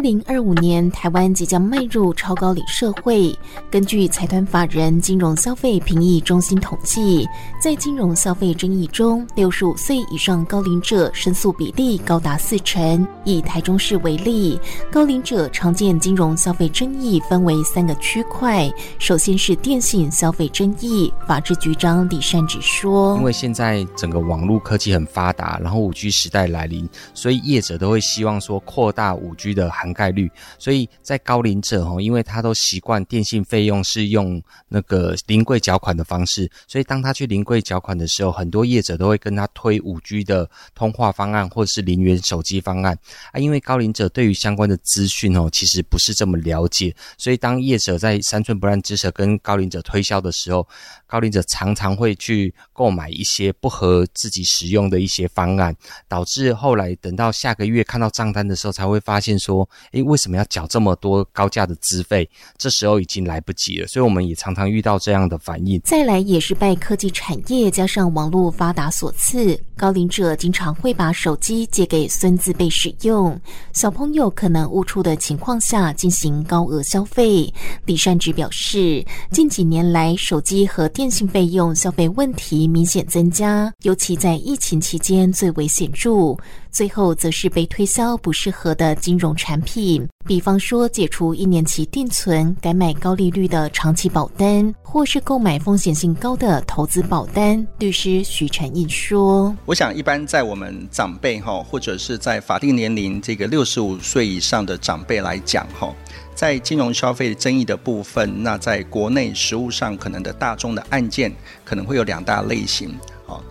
二零二五年，台灣即將邁入超高齡社會。根據財團法人金融消費評議中心統計，在金融消費爭議中，六十五歲以上高齡者申訴比例高達四成。以台中市為例，高齡者常見金融消費爭議分為三個區塊。首先是電信消費爭議，法制局長李善植說：“因為現在整個網絡科技很發達，然後五 G 時代來臨，所以業者都會希望說擴大五 G 的概率，所以在高齡者齁，因為他都習慣電信費用是用那個臨櫃繳款的方式，所以當他去臨櫃繳款的時候，很多業者都會跟他推五 G 的通話方案或者是零元手機方案啊，因為高齡者對於相關的資訊齁，其實不是這麼了解，所以當業者在三寸不爛之舌跟高齡者推銷的時候，高齡者常常會去購買一些不合自己使用的一些方案，導致後來等到下個月看到賬單的時候，才會發現說，哎，為什麼要繳這麼多高價的資費？這時候已經來不及了。所以我們也常常遇到這樣的反應。再來也是拜科技產業加上網絡發達所賜。高齡者經常會把手機借給孫子輩使用，小朋友可能誤觸的情況下進行高額消費。李善志表示，近幾年來，手機和電信費用消費問題明顯增加，尤其在疫情期間最為顯著。最後，則是被推銷不適合的金融產品，比方說解除一年期定存，改買高利率的長期保單，或是購買風險性高的投資保單。律師徐晨毅說。我想，一般在我們長輩哈，或者是在法定年齡這個六十五歲以上的長輩來講哈，在金融消費爭議的部分，那在國內實務上可能的大宗的案件可能會有兩大類型。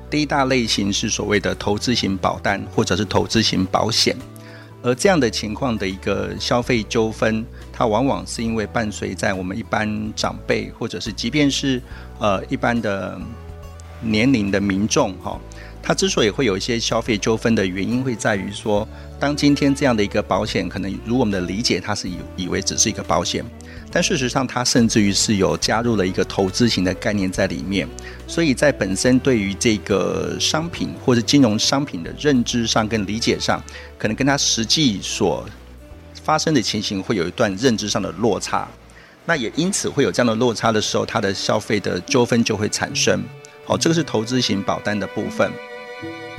第一大類型是所謂的投資型保單或者是投資型保險，而這樣的情況的一個消費糾紛，它往往是因為伴隨在我們一般長輩，或者是即便是呃一般的年齡的民眾哈。它之所以會有一些消費糾紛的原因，會在於說，當今天這樣的一個保險，可能如我們的理解，它是以以為只是一個保險，但事實上它甚至於是有加入了一個投資型的概念在裡面，所以在本身對於這個商品或者金融商品的認知上跟理解上，可能跟它實際所發生的情形會有一段認知上的落差，那也因此會有這樣的落差的時候，它的消費的糾紛就會產生。好、哦，這個是投資型保單的部分。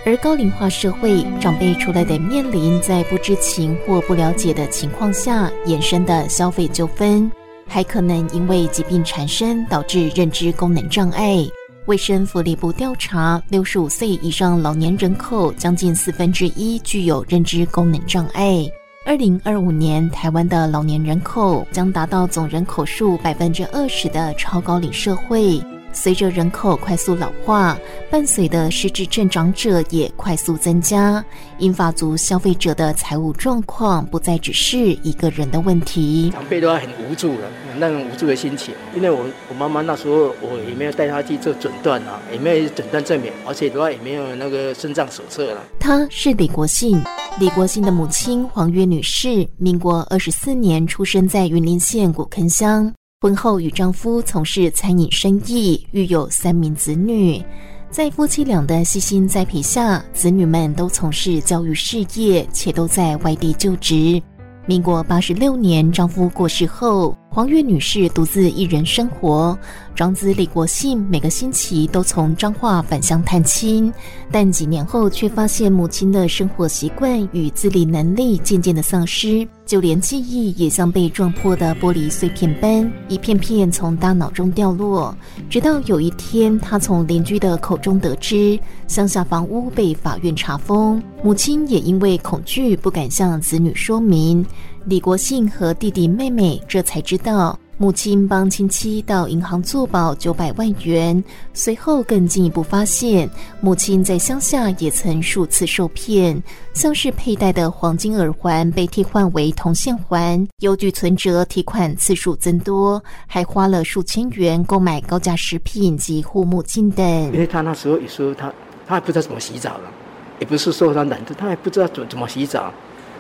而高齡化社會，長輩除了得面臨在不知情或不了解的情況下衍生的消費糾紛，還可能因為疾病產生導致認知功能障礙。衛生福利部調查，六十五歲以上老年人口將近四分之一具有認知功能障礙。二零二五年，台灣的老年人口將達到總人口數百分之二十的超高齡社會。隨着人口快速老化，伴隨的失智症長者也快速增加。銀髮族消費者的財務狀況不再只是一個人的問題，長輩都還很無助了，那種無助的心情。因為我我媽媽那時候我也沒有帶她去做診斷啊，也沒有診斷證明，而且的話也沒有那個身障手冊。了。她是李國信，李國信的母親黃月女士，民國二十四年出生在雲林縣古坑鄉。婚後與丈夫從事餐飲生意，育有三名子女。在夫妻倆的悉心栽培下，子女們都從事教育事業，且都在外地就職。民國八十六年，丈夫過世後，黃月女士獨自一人生活，長子李國信每個星期都從彰化返鄉探親，但幾年後卻發現母親的生活習慣與自理能力漸漸的喪失，就連記憶也像被撞破的玻璃碎片般，一片片從大腦中掉落。直到有一天，他從鄰居的口中得知，鄉下房屋被法院查封，母親也因為恐懼不敢向子女說明。李國信和弟弟妹妹這才知道，母親幫親戚到銀行做保九百萬元。隨後更進一步發現，母親在鄉下也曾數次受騙，像是佩戴的黃金耳環被替換為銅線環，郵局存折提款次數增多，還花了數千元購買高價食品及護目鏡等。因為他那時候也說他，他還不知道怎麼洗澡了、啊，也不是說他懶惰，他還不知道怎怎麼洗澡，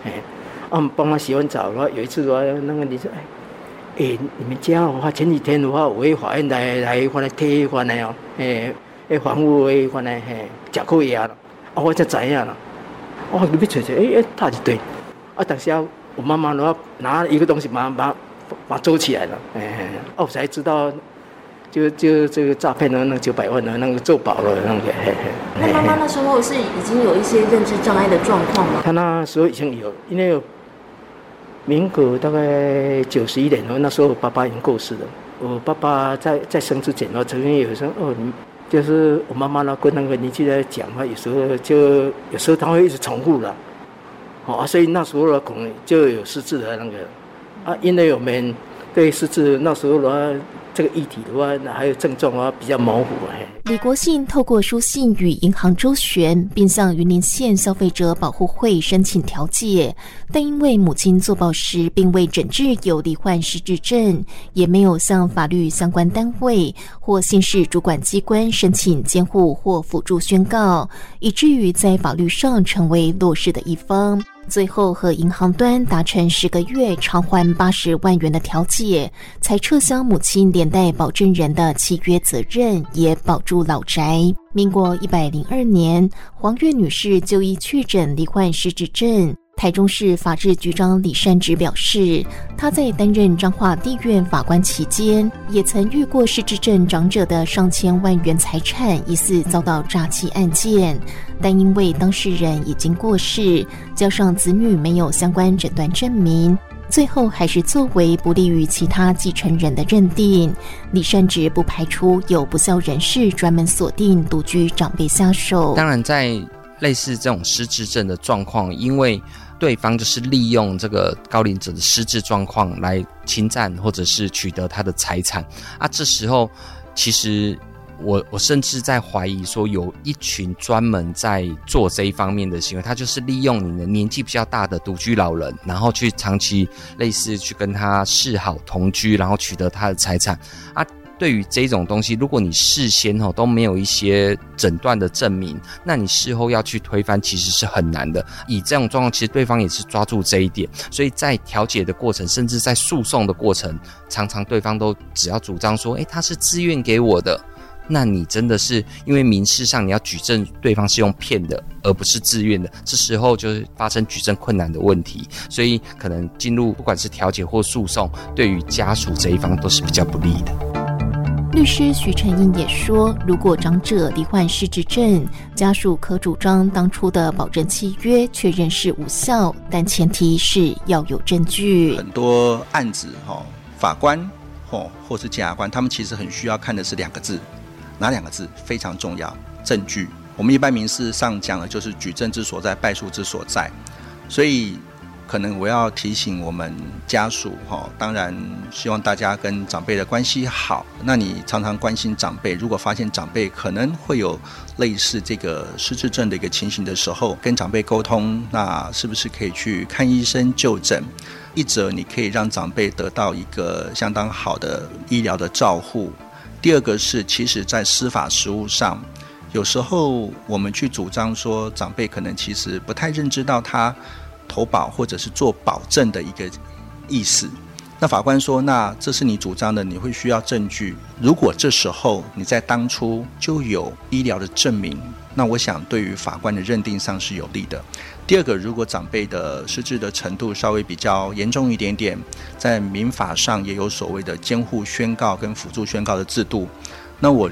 嘿嗯，幫媽洗完澡了。然後有一次的話，那個你說，哎，你們家的話，我前幾天的話，我去法院來來，翻來貼翻來哦，哎，哎、欸，房屋的翻來，嘿，吃苦藥了、啊，哦、啊，我才知影了、啊。哦，你去查查，哎、欸、哎，差一堆。啊，當時啊，我媽媽的話，拿一個東西，忙忙忙做起來了，哎、欸，哦、啊，才知道，就就這個詐騙的那九百萬的，那個做保了，那個嘿嘿。那媽媽那時候是已經有一些認知障礙的狀況嗎？她那時候已經有，因為有。民國大概九十一點多，那時候我爸爸已經過世了。我爸爸在在生之前呢，曾經有時候哦，就是我媽媽呢跟那個年紀在講嘛，有時候就有時候他會一直重複了，好啊，所以那時候了可能就有失智的那個啊，因為我們對失智那時候了。這個議題的話，那還有症狀啊，比較模糊、哎。李國信透過書信與銀行周旋，並向雲林縣消費者保護會申請調解，但因為母親作保時並未診治有罹患失智症，也沒有向法律相關單位或縣市主管機關申請監護或輔助宣告，以至於在法律上成為弱勢的一方。最後和銀行端達成十個月償還八十萬元的調解，才撤銷母親連帶保證人的契約責任，也保住老宅。民國一百零二年，黃月女士就醫確診罹患失智症。台中市法制局長李善植表示，他在擔任彰化地院法官期間，也曾遇過失智症長者的上千萬元財產疑似遭到詐欺案件，但因為當事人已經過世，加上子女沒有相關診斷證明，最後還是作為不利於其他繼承人的認定。李善植不排除有不肖人士專門鎖定獨居長輩下手。當然，在類似這種失智症的狀況，因為對方就是利用這個高齡者的失智狀況來侵占或者是取得他的財產啊！那這時候，其實我我甚至在懷疑說，有一群專門在做這一方面的行為，他就是利用你的年紀比較大的獨居老人，然後去長期類似去跟他示好同居，然後取得他的財產啊。對於這種東西，如果你事先吼都沒有一些診斷的證明，那你事後要去推翻其實是很難的。以這種狀況，其實對方也是抓住這一點，所以在調解的過程，甚至在訴訟的過程，常常對方都只要主張說：“誒，他是自願給我的。”那你真的是因為民事上你要舉證對方是用騙的，而不是自願的，這時候就是發生舉證困難的問題，所以可能進入不管是調解或訴訟，對於家屬這一方都是比較不利的。律師徐承英也說，如果長者罹患失智症，家屬可主張當初的保證契約確認是無效，但前提是要有證據。很多案子，吼，法官，吼，或是檢察官，他們其實很需要看的是兩個字，哪兩個字非常重要？證據。我們一般民事上講的，就是舉證之所在，敗訴之所在。所以。可能我要提醒我們家屬哈，當然希望大家跟長輩的關係好。那你常常關心長輩，如果發現長輩可能會有類似這個失智症的一個情形的時候，跟長輩溝通，那是不是可以去看醫生就診？一則你可以讓長輩得到一個相當好的醫療的照護；第二個是，其實在司法實務上，有時候我們去主張說，長輩可能其實不太認知到他。投保或者是做保證的一個意思，那法官說：“那這是你主張的，你會需要證據。如果這時候你在當初就有醫療的證明，那我想對於法官的認定上是有利的。第二個，如果長輩的失智的程度稍微比較嚴重一點點，在民法上也有所謂的監護宣告跟輔助宣告的制度，那我。”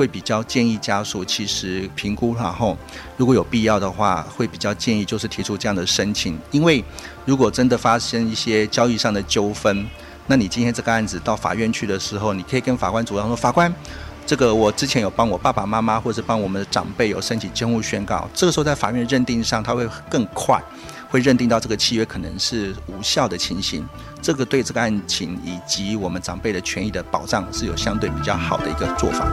會比較建議家屬其實評估，然後如果有必要的話，會比較建議就是提出這樣的申請。因為如果真的發生一些交易上的糾紛，那你今天這個案子到法院去的時候，你可以跟法官主張說：“法官，這個我之前有幫我爸爸媽媽，或者幫我們的長輩有申請監護宣告。這個時候在法院認定上，他會更快，會認定到這個契約可能是無效的情形。這個對這個案情以及我們長輩的權益的保障是有相對比較好的一個做法。”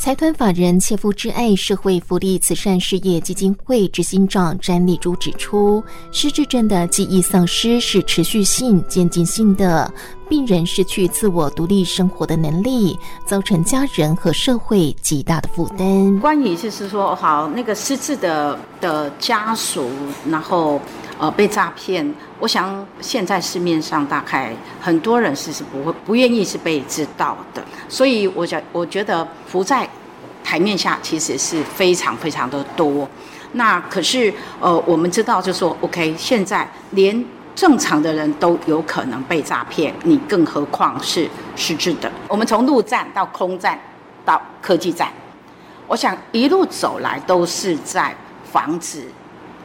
財團法人切膚之愛社會福利慈善事業基金會執行長詹麗珠指出，失智症的記憶喪失是持續性漸進性的，病人失去自我獨立生活的能力，造成家人和社會極大的負擔。關於就是說，好那個失智的的家屬，然後。呃，被詐騙，我想現在市面上大概很多人是是不會不願意是被知道的，所以我想，我覺得浮在台面下其實是非常非常的多。那可是，呃，我們知道，就說 OK，現在連正常的人都有可能被詐騙，你更何況是失智的。我們從陸戰到空戰到科技戰，我想一路走來都是在防止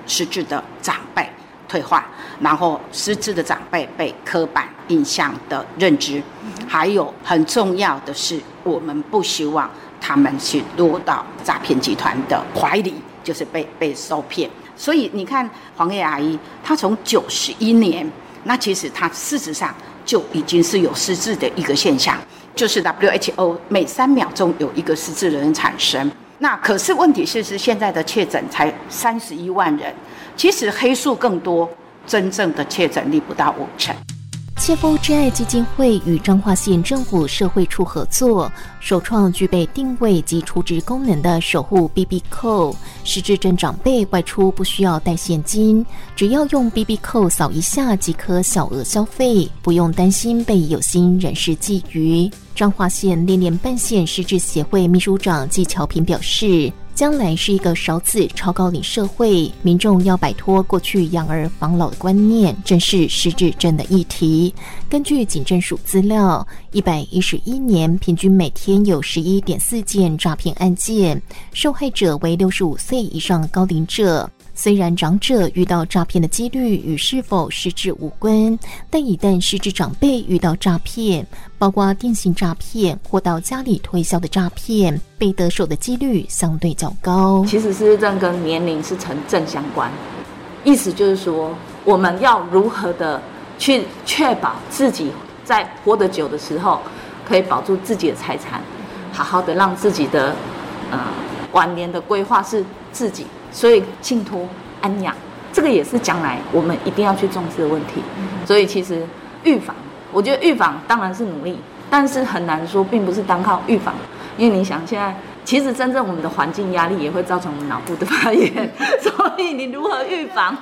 失智的長輩。退化，然後失智的長輩被刻板印象的認知，還有很重要的是，我們不希望他們去落到詐騙集團的懷裡，就是被被受騙。所以你看，黃葉阿姨，她從九十一年，那其實她事實上就已經是有失智的一個現象，就是 WHO 每三秒鐘有一個失智的人產生。那可是問題，是是現在的確診才三十一萬人，其實黑數更多，真正的確診率不到五成。切膚之愛基金會與彰化縣政府社會處合作，首創具備定位及儲值功能的守護 B B 釦，失智症長輩外出不需要帶現金，只要用 B B 釦掃一下即可小額消費，不用擔心被有心人士覬覦。彰化縣戀戀半線失智協會秘書長紀喬平表示，將來是一個少子超高齡社會，民眾要擺脫過去養兒防老的觀念，正視失智症的議題。根據警政署資料，一百一十一年平均每天有十一點四件詐騙案件，受害者為六十五歲以上的高齡者。雖然長者遇到詐騙的幾率與是否失智無關，但一旦失智長輩遇到詐騙，包括電信詐騙或到家裡推銷的詐騙，被得手的幾率相對較高。其實是正跟年齡是成正相關，意思就是說，我們要如何的去確保自己在活得久的時候，可以保住自己的財產，好好的讓自己的嗯、呃、晚年的規劃是自己。所以，信託、安養，這個也是將來我們一定要去重視的問題。所以，其實預防，我覺得預防當然是努力，但是很難說，並不是單靠預防。因為你想，現在其實真正我們的環境壓力也會造成我們腦部的發炎，所以你如何預防？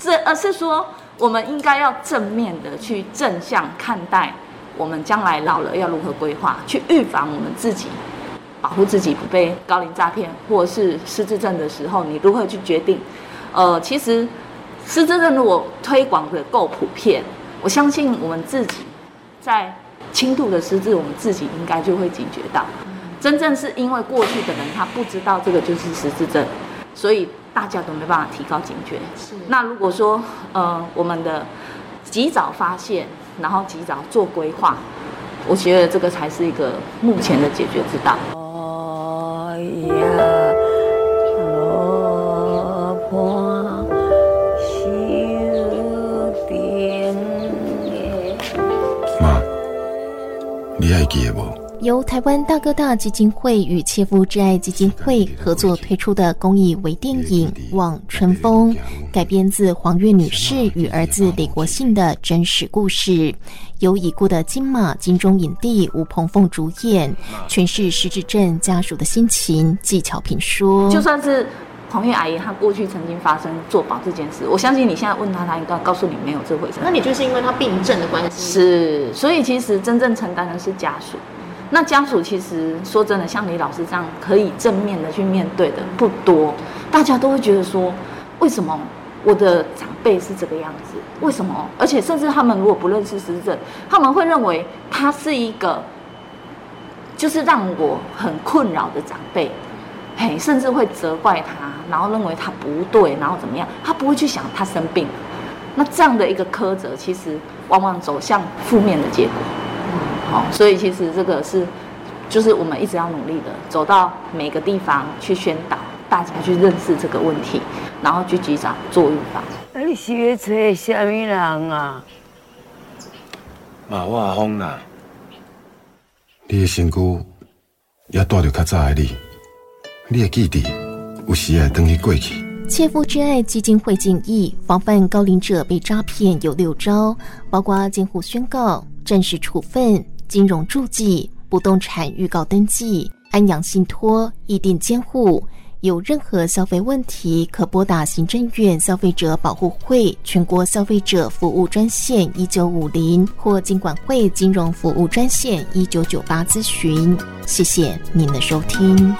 這而是說，我們應該要正面的去正向看待，我們將來老了要如何規劃，去預防我們自己。保護自己不被高齡詐騙或者是失智症的時候，你如何去決定？呃，其實失智症如果推廣得夠普遍，我相信我們自己在輕度的失智，我們自己應該就會警覺到。真正是因為過去的人他不知道這個就是失智症，所以大家都沒辦法提高警覺。是。那如果說，呃，我們的及早發現，然後及早做規劃，我覺得這個才是一個目前的解決之道。由台灣大哥大基金會與切膚摯愛基金會合作推出的公益微電影《望春風》，改編自黃月女士與兒子李國信的真實故事，由已故的金馬金鐘影帝吳朋奉主演，詮釋失智症家屬的心情。技巧平說：“就算是。”同院阿姨，她過去曾經發生作保這件事，我相信你現在問她，她應該告訴你沒有這回事。那你就是因為他病症的關係、嗯。是，所以其實真正承擔的是家屬。那家屬其實說真的，像李老師這樣可以正面的去面對的不多、嗯。大家都會覺得說，為什麼我的長輩是這個樣子？為什麼？而且甚至他們如果不認識失智症，他們會認為他是一個，就是讓我很困擾的長輩。Hey, 甚至會責怪他，然後認為他不對，然後怎麼樣？他不會去想他生病。那這樣的一個苛責，其實往往走向負面的結果、嗯嗯哦。所以其實這個是，就是我們一直要努力的，走到每個地方去宣導，大家去認識這個問題，然後去及早做預防。那、啊、你現在在什麼人啊？馬化風啊我！你的身軀要多着較早的你。你記有時等過切膚之愛基金會建議防範高齡者被詐騙有六招，包括監護宣告、暫時處分、金融注記、不動產預告登記、安養信托、意定監護。有任何消費問題，可撥打行政院消費者保護會全國消費者服務專線一九五零或金管會金融服務專線一九九八諮詢。謝謝您的收聽。